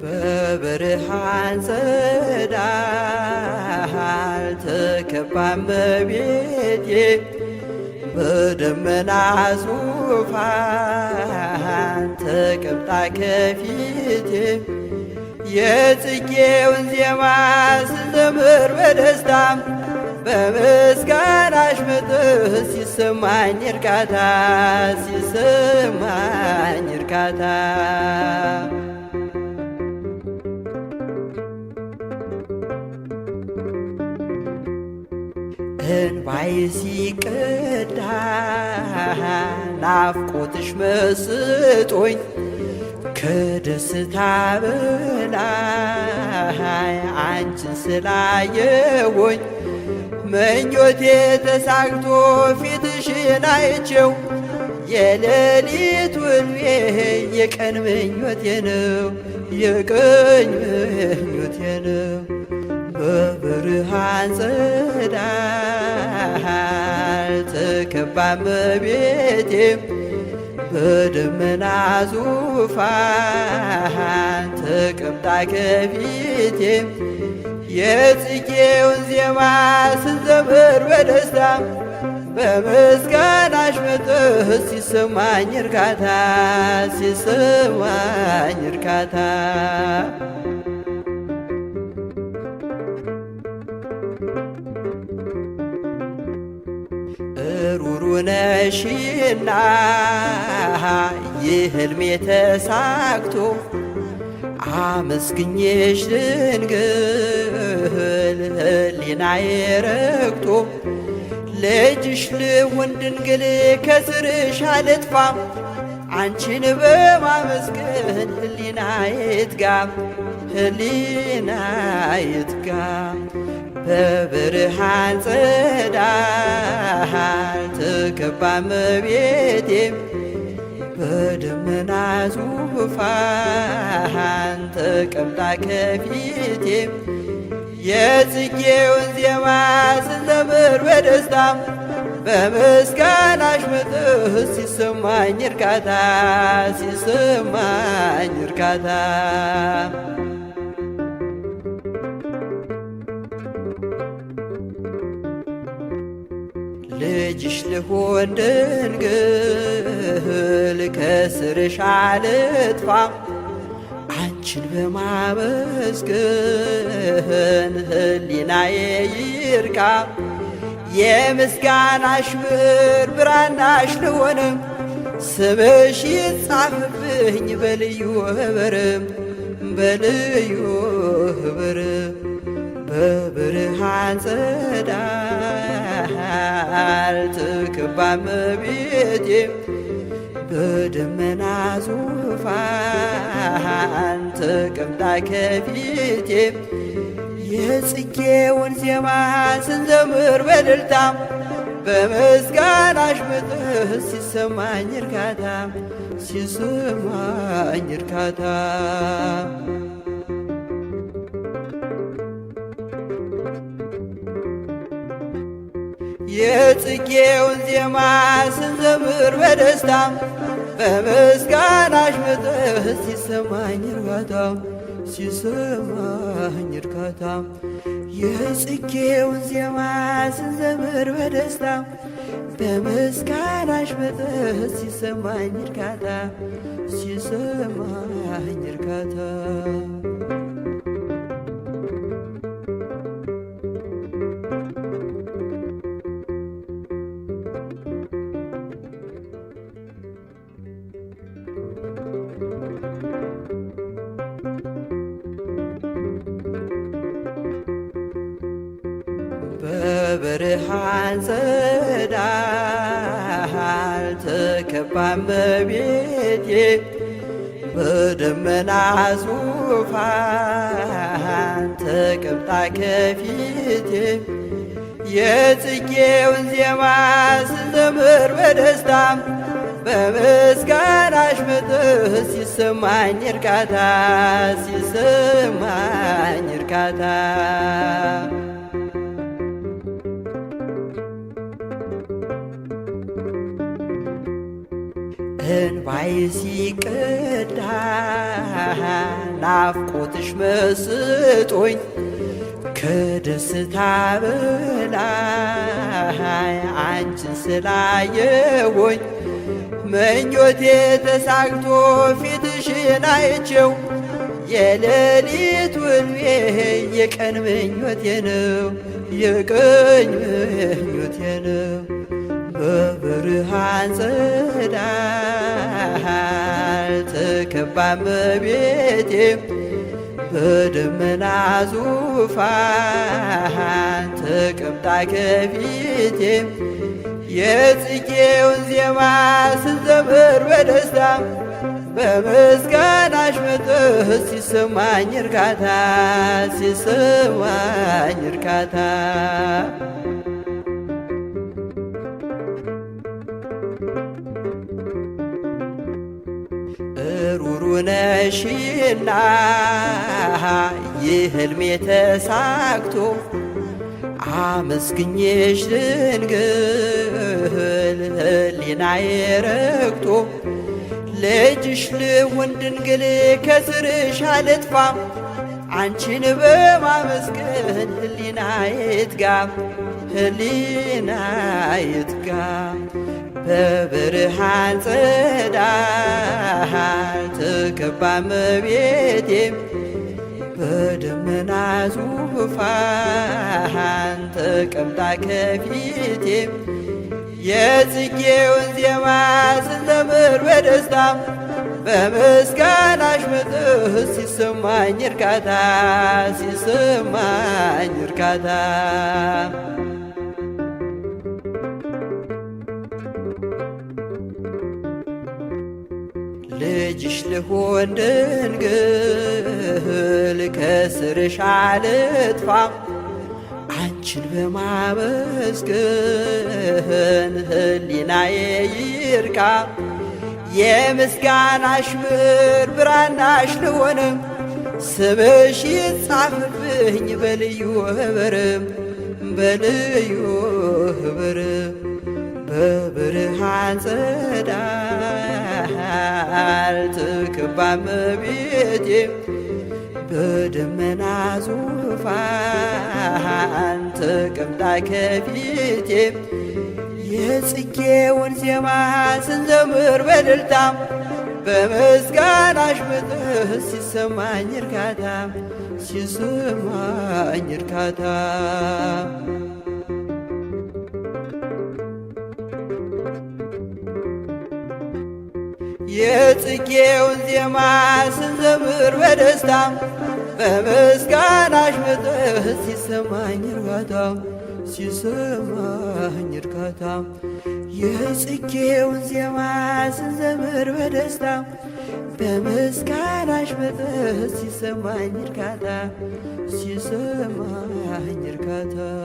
በብርሃን ጸዳል ተከባን በቤቴ በደመና ዙፋን ተቀምጣ ከፊቴ የጽጌውን ዜማ ስዘምር በደስታ በምስጋናሽ ምጥህ ሲሰማኝ እርካታ ሲሰማኝ እርካታ እንባይ ሲቀዳ ናፍቆትሽ መስጦኝ ከደስታ በላይ አንቺን ስላየሁኝ ምኞቴ ተሳክቶ ፊትሽን አይቼው የሌሊት ውሎዬ የቀን ምኞቴ ነው የቀን ምኞቴ ነው። በብርሃን ጸዳል ተከባ እመቤቴ በደመና ዙፋን ተቀምጣ ከፊቴ የጽጌውን ዜማ ስንዘምር በደስታ በምስጋናሽ መጥህ ሲሰማኝ እርካታ ሲሰማኝ እርካታ ነሽና የህልሜ ተሳክቶ አመስግኜሽ ድንግል ህሊናዬ ረግቶ ልጅሽ ልሁን ድንግል ከስርሽ አልጥፋ አንቺን በማመስገን ህሊናዬ ትጋ ህሊናዬ ይትጋ በብርሃን ጸዳል ተከባ መቤቴም በደመና ዙፋን ተቀምጣ ከፊቴም የጽጌውን ዜማ ስዘምር በደስታም በምስጋናሽ መጥህ ሲሰማኝ እርካታ ሲሰማኝ እርካታ ልጅሽ ልሁን ድንግል ከስርሽ አልጥፋ አንቺን በማመስገን ህሊናዬ ይርካ የምስጋናሽ ብር ብራናሽ ልሆንም ስምሽ ይጻፍብኝ በልዩ ህብርም በልዩ ህብርም በብርሃን ጸዳል ትክባ እመቤቴ በደመና ዙፋን ተቀምጣ ከፊቴ የጽጌውን ዜማ ስንዘምር በደልታ በምስጋናሽ ምጥህ ሲሰማኝ እርካታ ሲሰማኝ እርካታ የጽጌውን ዜማ ስንዘምር በደስታ በምስጋናሽ መጠህ ሲሰማኝ እርካታም ሲሰማኝ እርጋታ የጽጌውን ዜማ ስንዘምር በደስታ በምስጋናሽ መጠህ ሲሰማኝ እርካታ ሲሰማኝ እርካታ ብርሃን ጸዳል ተከባን በቤቴ በደመና ዙፋን ተቀምጣ ከፊቴ የጽጌውን ዜማ ስዘምር በደስታ በምስጋናሽ ምትህ ሲሰማኝ እርካታ ሲሰማኝ እርካታ እንባይ ሲቀዳ ናፍቆትሽ መስጦኝ ከደስታ በላይ አንቺን ስላየወኝ መኞቴ ተሳግቶ ፊትሽን አይቼው የሌሊት ውልቤ የቀን ምኞቴ ነው የቀን ምኞቴ ነው። በብርሃን ጸዳል ተከባ እመቤቴ በደመና ዙፋን ተቀምጣ ከፊቴ የጽጌውን ዜማ ስንዘምር በደስታ በምስጋናሽ መጥህ ሲሰማኝ እርካታ ሲሰማኝ እርካታ ሩሩ ነሽና ይህ ህልሜ ተሳክቶ አመስግኜሽ ድንግል ህሊናዬ ረግቶ ልጅሽ ልሁን ድንግል ከስርሽ አልጥፋ አንቺን በማመስገን ህሊናዬ ትጋ ህሊና ይትጋ በብርሃን ጸዳል ተከባ እመቤቴም በደመና ዙፋን ተቀምጣ ከፊቴም የጽጌውን ዜማ ስዘምር በደስታ በምስጋናሽ መጥህ ሲሰማኝ እርካታ ሲሰማኝ እርካታ ልጅሽ ልሁን ድንግል ከስርሽ አልጥፋ አንቺን በማመስገን ህሊናዬ ይርካ የምስጋናሽ ብር ብራናሽ ልሆንም ስምሽ ይጻፍብኝ በልዩ ህብርም በልዩ በብርሃን ጸዳል ትክባ እመቤቴ በደመና ዙፋን ትቅምጣ ከፊቴ የጽጌውን ዜማ ስንዘምር በደልታ በምስጋናሽ ምጥህ ሲሰማኝ እርካታ ሲሰማኝ እርካታ የጽጌውን ዜማ ስንዘምር በደስታ በምስጋናሽ መጠህ ሲሰማኝ እርጋታ ሲሰማኝ እርካታ የጽጌውን ዜማ ስንዘምር በደስታ በምስጋናሽ መጠህ ሲሰማኝ እርካታ ሲሰማኝ እርካታ